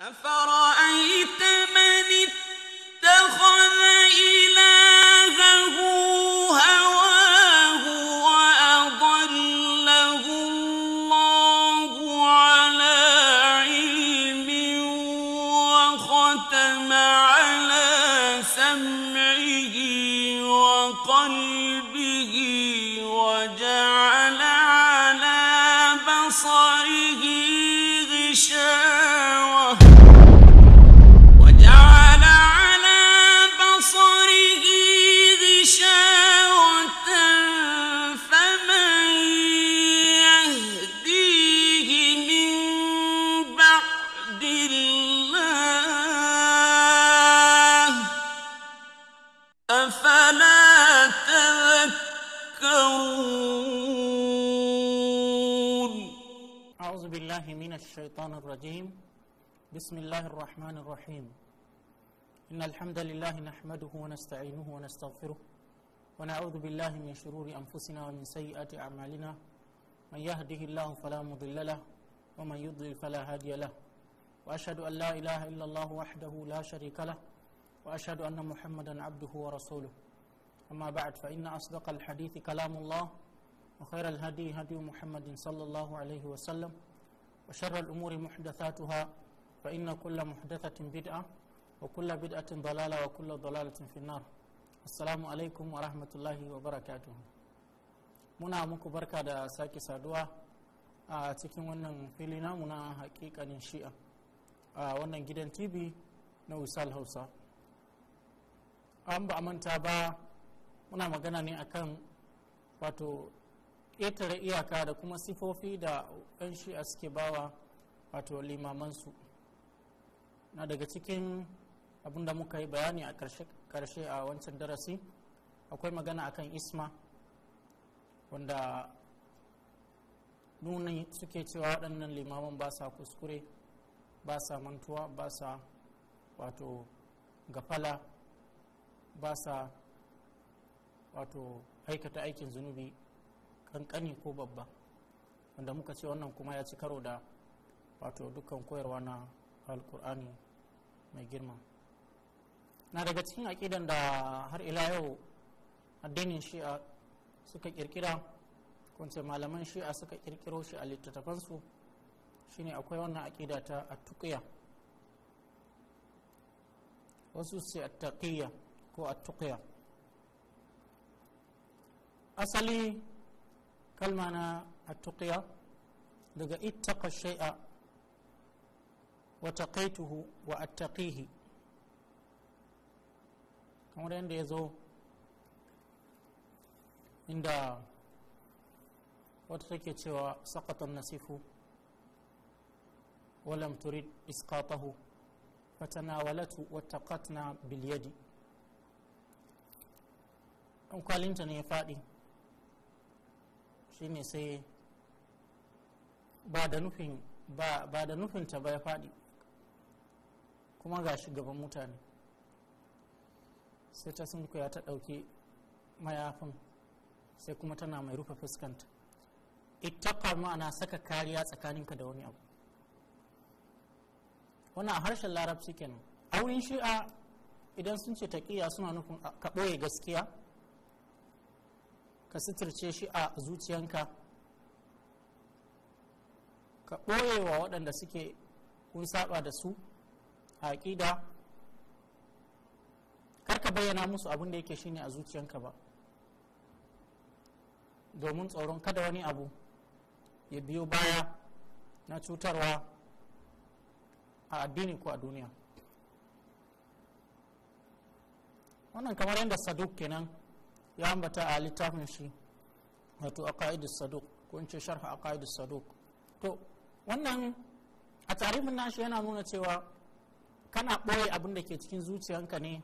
أفرأيت من اتخذ إلى الشيطان الرجيم بسم الله الرحمن الرحيم إن الحمد لله نحمده ونستعينه ونستغفره ونعوذ بالله من شرور أنفسنا ومن سيئات أعمالنا من يهده الله فلا مضل له ومن يضلل فلا هادي له وأشهد أن لا إله إلا الله وحده لا شريك له وأشهد أن محمدا عبده ورسوله أما بعد فإن أصدق الحديث كلام الله وخير الهدي هدي محمد صلى الله عليه وسلم وشر الأمور محدثاتها فإن كل محدثة بدعة وكل بدعة ضلالة وكل ضلالة في asalamu السلام wa ورحمة wa وبركاته muna muku barka da sake saduwa a cikin wannan fili namu na hakikanin shi'a a wannan gidan tv na wisal hausa an ba a manta ba muna magana ne akan wato ƙetare iyaka da kuma sifofi da 'yan shi'a suke bawa wato limamansu na daga cikin abin da muka yi bayani a ƙarshe a wancan darasi akwai magana akan isma wanda nuna suke cewa waɗannan limaman ba sa kuskure ba sa mantuwa ba sa wato gafala ba sa wato aikata aikin zunubi kankani ko babba wanda muka ce wannan kuma ya ci karo da wato dukkan koyarwa na alkur'ani mai girma na daga cikin aƙidan da har ila yau addinin shi'a suka kirkira kunce malaman shi'a suka ƙirƙiro shi a littattafansu shine akwai wannan aƙida ta atuqiya wasu sai attaqiyya ko atuqiya asali kalma na attuqiya daga ittaqa shay'a wa taqaituhu wa attaqihi kamar yadda ya zo inda wata take cewa sakatan nasifu ولم ترد إسقاطه فتناولته واتقتنا باليد أن قال أنت faɗi. shine sai ba da nufin ba da nufin ta bai faɗi kuma ga shugaban mutane sai ta sun ya ta ɗauki mayafin sai kuma tana mai rufe fuskanta ittaqa ana saka kariya tsakaninka da wani abu wani a harshen larabci kenan a shi'a idan sun ce taƙiya suna nufin ka ɓoye gaskiya ka suturce shi a zuciyanka ka ɓoyewa waɗanda suke kun saba da su a ƙida kar ka bayyana musu abin da yake shine a zuciyanka ba domin tsoron kada wani abu ya biyo baya na cutarwa a addini ko a duniya wannan kamar yadda saduk kenan ya ambata a littafin shi wato aqaidus saduq ko in ce a aqaidus saduq to wannan a tarihin nashi yana nuna cewa kana ɓoye abin da ke cikin zuciyanka ne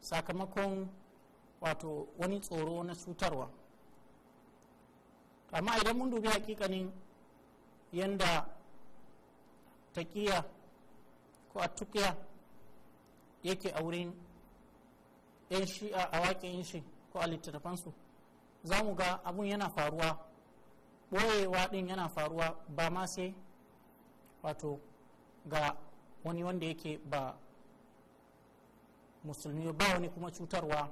sakamakon wato wani tsoro na cutarwa amma idan mun dubi hakikanin yadda taƙiya ko a tukiya yake a wurin 'yan shi'a a waƙin shi ko a littattafansu za mu ga abun yana faruwa ɓoyewa ɗin yana faruwa ba ma sai wato ga wani wanda yake ba musulmi ba wani kuma cutarwa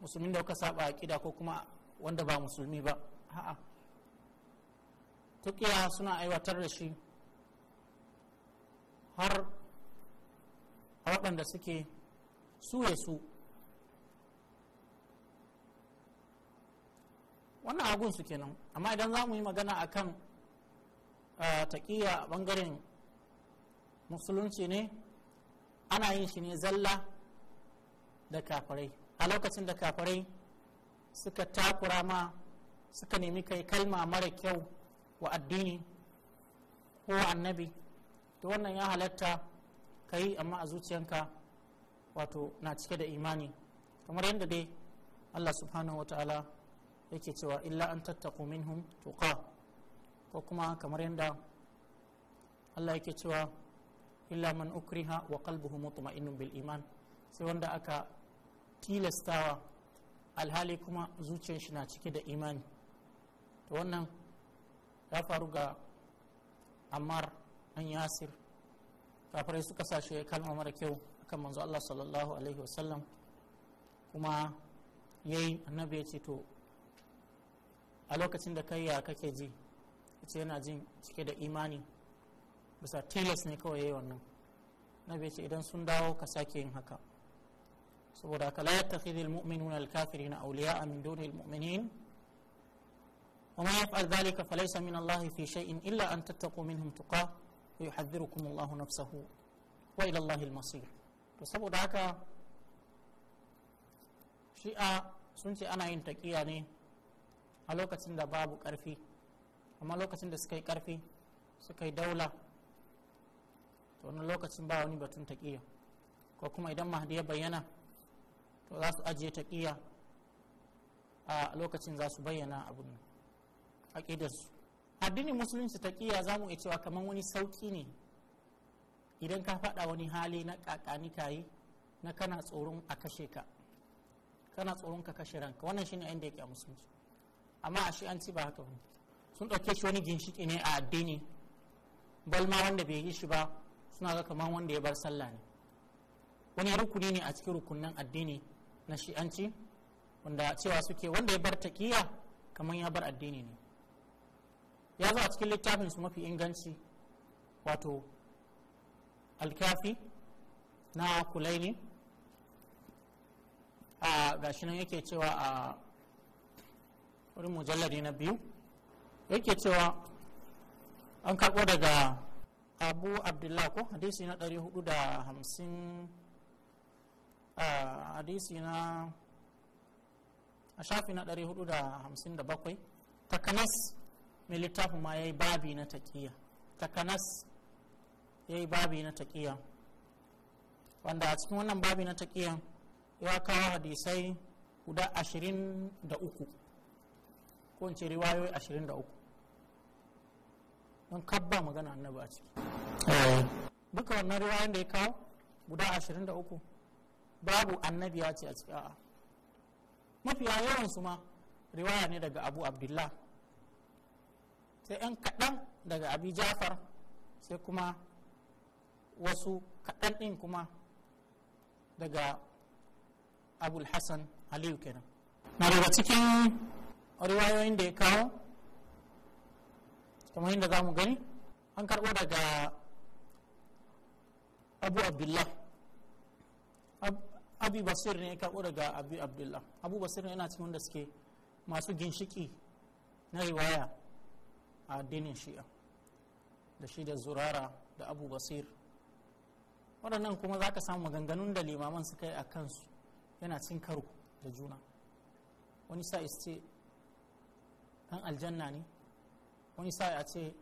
musulmin da kuka saba aƙida ko kuma wanda ba musulmi ba Ha'a tukiya suna aiwatar da shi har a waɗanda suke su su wannan abun su kenan amma idan za mu yi magana a kan taƙiya a ɓangaren musulunci ne ana yin shi ne zalla da kafirai a lokacin da kafirai suka takura ma suka nemi kai kalma mara kyau wa addini ko annabi to wannan ya halatta ka yi amma a zuciyanka wato na cike da imani kamar yadda dai allah subhanahu wa ta'ala yake cewa illa an tattaku minhum tuqa ko kuma kamar yadda Allah yake cewa illa man ukriha wa qalbuhu mutma'innun bil iman sai wanda aka tilastawa alhali kuma zuciyar shi na cike da imani to wannan ya faru ga ammar an yasir kafirai suka sashe ya kalma mara kyau akan manzo Allah sallallahu alaihi wasallam kuma yayi annabi ya ce to a lokacin da kai ya kake ji ce yana jin cike da imani bisa tilas ne kawai yayi wannan nabi ce idan sun dawo ka sake yin haka saboda ka la yattakhidhul mu'minuna al-kafirina awliya'a min duni al-mu'minin wa man yaf'al dhalika falaysa min Allah fi shay'in illa an tattaqu minhum tuqa wa yuhadhdhirukum Allah nafsahu wa ila Allah al-masir to saboda haka shi'a sun ce ana yin taqiya ne a lokacin da babu ƙarfi amma lokacin da suka yi ƙarfi suka yi daula to wani lokacin ba wani batun taƙiya ko kuma idan mahdi ya bayyana to za su ajiye taƙiya a lokacin za su bayyana abin nan aƙidarsu addinin musulunci taƙiya za mu iya cewa kamar wani sauƙi ne idan ka faɗa wani hali na ƙaƙani ka yi na kana tsoron a kashe ka kana tsoron ka kashe ranka wannan shine inda yake a musulunci amma a shi an ci ba haka sun ɗauke shi wani ginshiki ne a addini balma wanda bai yi shi ba suna ga kamar wanda ya bar sallah ne wani rukuni ne a cikin rukunin addini na shi'anci wanda cewa suke wanda ya bar takiya kamar ya bar addini ne ya zo a cikin littafin su mafi inganci wato alkafi na kulaini a gashi nan yake cewa a wurin mujallari na biyu yake cewa an karɓo daga abu abdullah ko hadisi na 450 hadisi na a shafi na 457 takanas mai littafin ma ya yi babi na taƙiya takanas ya yi babi na taƙiya wanda a cikin wannan babi na taƙiya ya kawo hadisai guda 23 ko in ce riwayoyi 23 don kabba magana annabi a ciki eh. duka wannan riwayoyin da ya kawo guda 23 babu annabi ya ce a ciki a'a mafiya yawan su ma riwaya ne daga abu abdullah sai 'yan kaɗan daga abi jafar sai kuma wasu kaɗan ɗin kuma daga abul hassan aliyu kenan na daga cikin riwayoyin da ya kawo kamar yadda za mu gani an karɓo daga abu abdullah abu basir ne ya karɓo daga abu abdullah abu basir ne yana cikin wanda suke masu ginshiki na riwaya a addinin shi'a da shi da zurara da abu basir waɗannan kuma za ka samu maganganun da limaman suka yi a kansu yana cin karo da juna wani sa ce dan aljanna ne wani sa'a a ce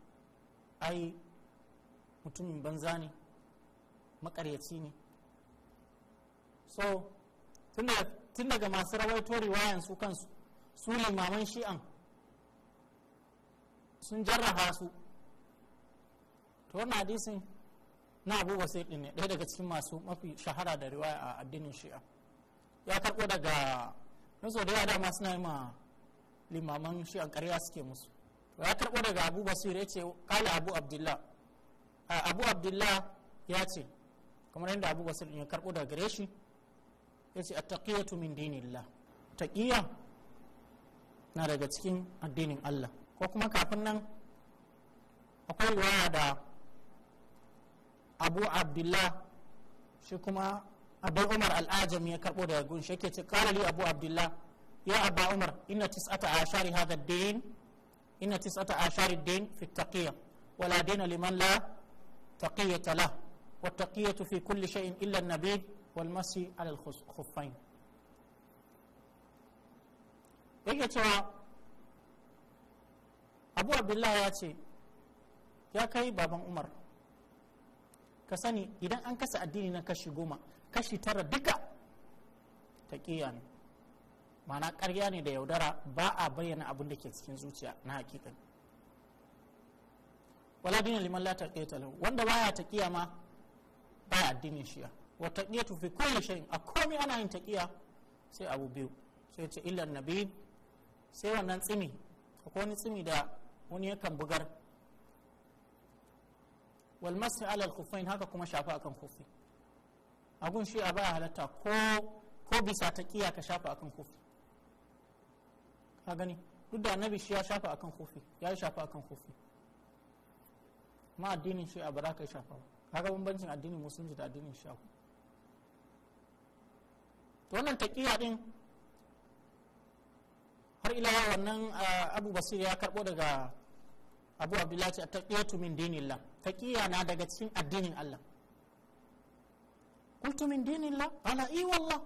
ai mutumin banza ne makaryaci ne so tun daga masu rawaito riwayan su kansu su limaman shi'an sun jarraha su to wannan hadisin na abu sai din ne ɗaya daga cikin masu mafi shahara da riwaya a addinin shi'a ya karɓo daga so da yawa dama suna yi ma limaman shi an karya suke musu ya karɓo daga abu basir ya ce kala abu abdullah abu abdullah ya ce kamar yadda abu basir ya karɓo daga gare shi ya ce attaqiyatu min dinillah taƙiya na daga cikin addinin Allah ko kuma kafin nan akwai riwaya da abu abdullah shi kuma abu umar al'ajami ya karɓo daga gunshi shi yake ce kala li abu abdullah يا أبا عمر إن تسعة عشر هذا الدين إن تسعة عشر الدين في التقية ولا دين لمن لا تقية له والتقية في كل شيء إلا النبيذ والمسي على الخفين yake cewa abu abdullahi ya ce ya kai baban umar ka sani idan an kasa addini na kashi goma kashi tara duka taƙiya ne ma'ana karya ne da yaudara ba a bayyana abin da ke cikin zuciya na hakikan wala dina liman la taqiyata lahu wanda baya taqiya ma ba addinin shi wa taqiyatu fi kulli shay'in a komai ana yin taqiya sai abu biyu sai ce illa nabi sai wannan tsimi akwai wani tsimi da wani yakan bugar wal ala al kufain haka kuma shafa akan kufi agun shi a baya halatta ko ko bisa taqiya ka shafa akan kufi ka gani duk da annabi shi ya shafa akan kofi ya yi shafa akan kofi ma addinin shi a baraka ya shafa ba kaga bambancin addinin musulunci da addinin shi to wannan taqiya din har ila wannan abu basir ya karbo daga abu abdullahi at-taqiyatu min dinillah taqiya na daga cikin addinin Allah qultu min dinillah ala i wallah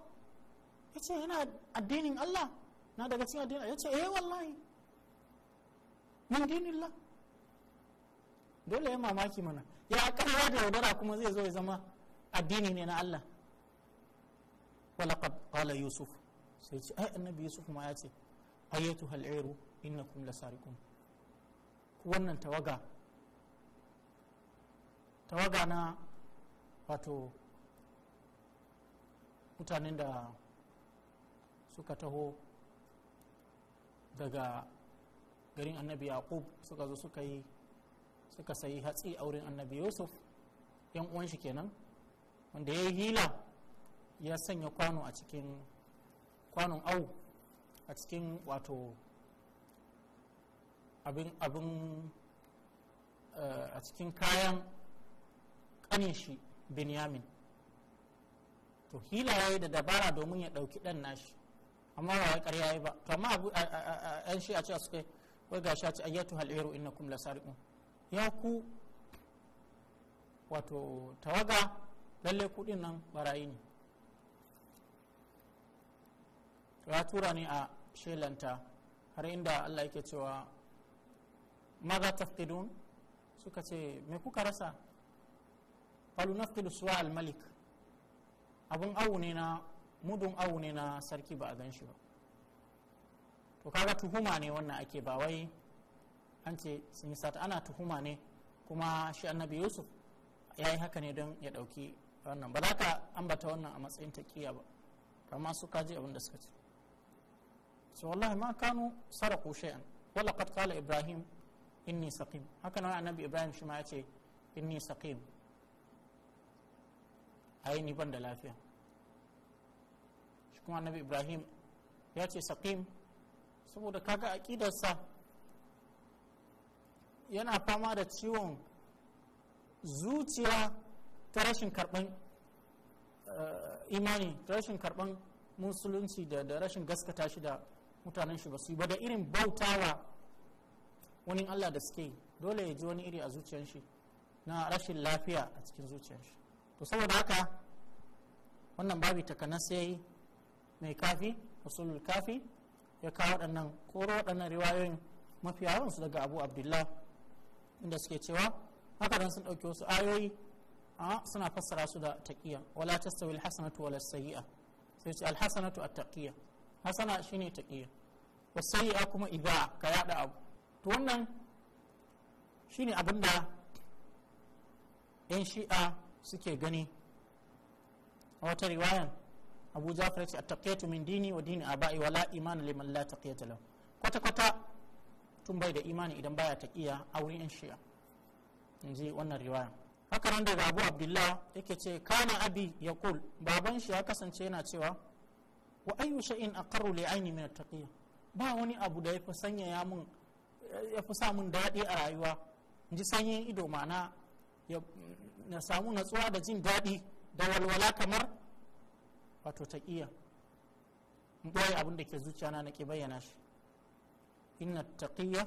yace yana addinin Allah na daga cikin addini ya ce eh wallahi min dinillah dole ya mamaki mana ya kalla da yaudara kuma zai zo ya zama addini ne na Allah walaqad qala yusuf sai ce ai annabi yusuf ma ya ce ayatu na innakum lasariqun wannan tawaga tawaga na wato mutanen da suka taho daga garin annabi yaqub suka zo suka yi suka sayi hatsi a wurin annabi yusuf yan uwan shi kenan wanda ya yi hila ya sanya kwano a cikin kwanon au a cikin wato abin abin eh, a cikin kayan kanin shi binyamin to hila ya yi da dabara domin ya ɗauki ɗan nashi amma ba wai ƙarya yi ba to amma abu an shi a ce suka wai gashi a ce ayyatu hal iru innakum lasariqun ya ku wato tawaga lalle kudin nan barayi ne ya tura ni a shelanta har inda Allah yake cewa maza tafqidun suka ce me kuka rasa qalu nafqidu suwa al-malik abun awu ne na mudun awu ne na sarki ba a gan shi ba to kaga tuhuma ne wannan ake ba wai an ce sun yi sata ana tuhuma ne kuma shi annabi yusuf ya yi haka ne don ya ɗauki wannan ba za ka ambata wannan a matsayin taƙiya ba amma su kaji abin suka ce so wallahi ma kanu saraku shay'an wala qad qala ibrahim inni saqim haka nan annabi ibrahim shi ma ya ce inni saqim ai ni ban da lafiya cikin annabi ibrahim ya ce saqim saboda kaga aƙidarsa yana fama da ciwon zuciya ta rashin karɓan eh, imani ta rashin karɓan musulunci da rashin gaskata shi da mutanen shi ba su yi ba da irin bautawa wani allah da suke dole ya ji wani iri a zuciyar shi na rashin lafiya a cikin zuciyar shi to saboda haka wannan babi takanas ya mai kafi usulul kafi ya kawo waɗannan koro waɗannan riwayoyin mafi yawansu daga abu abdullah inda suke cewa haka dan sun ɗauki wasu ayoyi a suna fassara su da taqiya wala tastawi alhasanatu wala sayi'a sai ce alhasanatu at-taqiya hasana shine wa sayi'a kuma iba ka yada abu to wannan shine abinda yan shi'a suke gani a wata riwayan abu jafar ya ce taƙaitu min dini wa dini aba'i wala imani liman la taqiyata lahu kwata kwata tun bai da imani idan baya taqiya a wurin yan shi'a inji wannan riwaya haka nan daga abu abdullah yake ce kana abi yaqul baban shi ya kasance yana cewa wa ayyu shay'in aqarru li aini min attaqiyya ba wani abu da yafi sanya ya mun ya fi sa mun daɗi a rayuwa in ji sanyin ido ma'ana na samu natsuwa da jin daɗi da walwala kamar wato taqiya in ɓoye abin da ke zuciyana na nake bayyana shi inna taqiya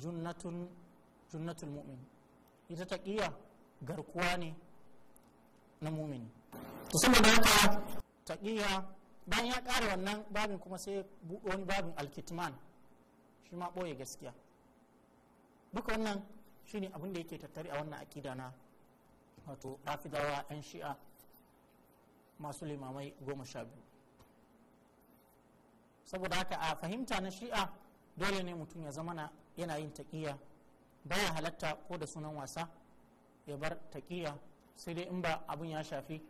junnatun junnatul mu'min ita taqiya garkuwa ne na mumini to saboda haka taqiya bayan ya kare wannan babin kuma sai buɗe wani babin alkitman shi ma ɓoye gaskiya duka wannan shine abin da yake tattare a wannan akida na wato rafidawa yan shi'a masu limamai goma sha biyu saboda haka a fahimta na shi'a dole ne mutum ya zamana yana yin taƙiya baya halatta ko da sunan wasa ya bar taƙiya sai dai in ba abin ya shafi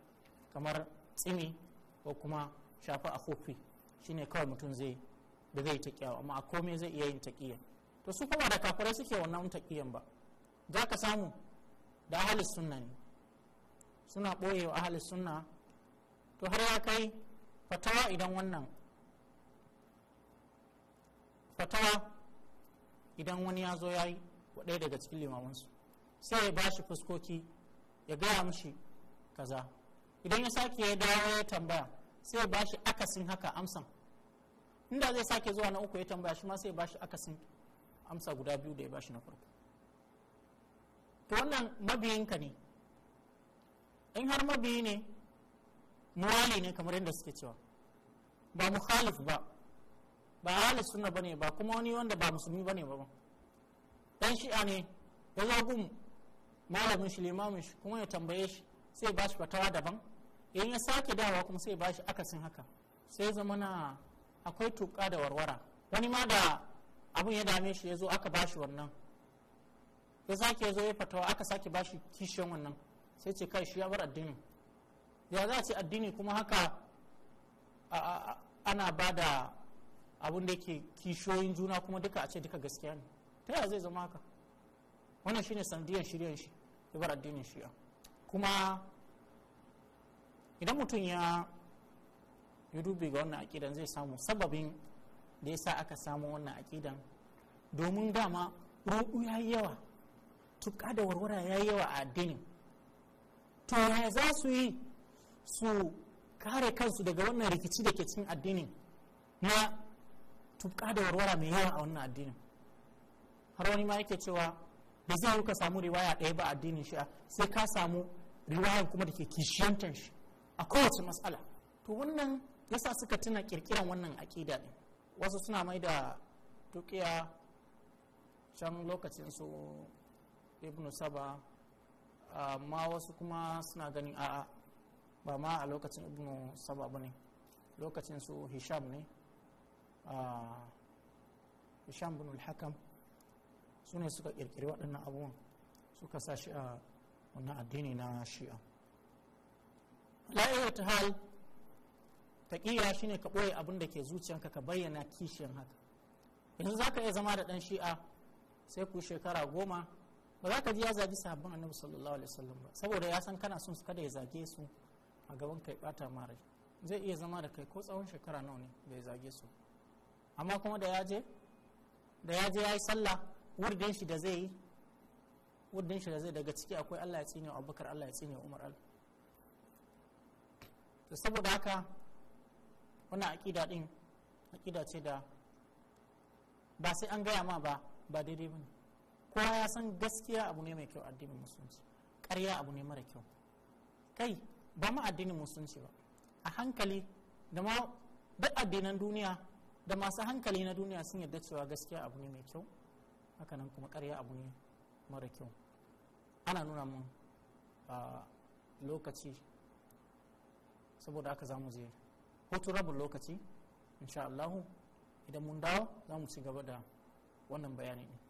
kamar tsini ko kuma shafi a kofi shine kawai mutum zai da zai taƙiya amma a komai zai iya yin taƙiya to su kuma da kafirai suke wannan taƙiyan ba za ka samu da ahalis sunna ne suna ɓoye wa ahalis sunna to har ya kai fatawa idan wannan fatawa idan wani ya zo ya yi ɗaya daga cikin limamansu sai ya ba shi fuskoki ya gaya mushi kaza idan ya sake ya dawo ya tambaya sai ya ba shi akasin haka amsan inda zai sake zuwa na uku ya tambaya shi ma sai ya ba shi akasin amsa guda biyu da ya ba shi na farko to wannan mabiyinka ne in har mabiyi ne muwali ne kamar yadda suke cewa ba muhalif ba ba ahli sunna bane ba kuma wani wanda ba musulmi bane ba dan shi'a ne ya zagun malamin shi limamin shi kuma ya tambaye shi sai ba shi fatawa daban in ya sake dawa kuma sai ba shi akasin haka sai zama na akwai tuka da warwara wani ma da abun ya dame shi ya zo aka ba shi wannan ya sake ya zo ya fatawa aka sake ba shi kishiyan wannan sai ce kai shi ya bar addinin ya za ce addini kuma haka ana ba da abin da ke kishoyin juna kuma duka a ce duka gaskiya ne ta yaya zai zama haka wannan shine sandiyar shiryan shi bar addinin shi'a kuma idan mutum ya yi dubi ga wannan akidan zai samu sababin da ya sa aka samu wannan akidan domin dama roƙu ya yi yawa tuka da warwara ya yi yawa a addinin to ya za su yi su kare kansu daga wannan rikici da ke cikin addinin na tuka da warwara mai yawa a wannan addinin har wani ma yake cewa da zai yi ka samu riwaya ɗaya ba addinin shi sai ka samu riwayan kuma da ke kishiyantar shi a kowace matsala to wannan yasa suka tuna kirkiran wannan aƙida ɗin wasu suna mai da tukiya can lokacin su ibnu saba amma wasu kuma suna ganin a'a ba ma a lokacin ibnu ba ne lokacin su hisham ne ah, hisham bin al su ne suka kirkiri waɗannan abubuwan suka sa shi a wannan addini na shi'a la'ayyar ta hal taƙiya shine ka ɓoye abin da ke zuciyanka ka bayyana kishiyan haka yanzu za ka iya zama da ɗan shi'a sai ku shekara goma ba za ka ji ya zagi sabbin annabi sallallahu alaihi wasallam ba saboda ya san kana son su kada ya zage su a gaban kai bata mara zai iya zama da kai ko tsawon shekara nawa ne bai zage su amma kuma da yaje je da ya je sallah wurdin shi da zai yi wurdin shi da zai daga ciki akwai Allah ya tsine Abubakar Allah ya tsine Umar Al to saboda haka wannan aqida din aqida ce da ba sai an gaya ma ba ba daidai bane kowa ya san gaskiya abu ne mai kyau addinin musulunci ƙarya abu ne mara kyau kai ba ma addinin musulunci ba a hankali da ma duk addinan duniya da masu hankali na duniya sun yarda cewa gaskiya abu ne mai kyau hakanan kuma karya abu ne mara kyau ana nuna mun lokaci saboda aka za mu je hutu rabin lokaci insha Allahu idan mun dawo za mu ci gaba da wannan bayani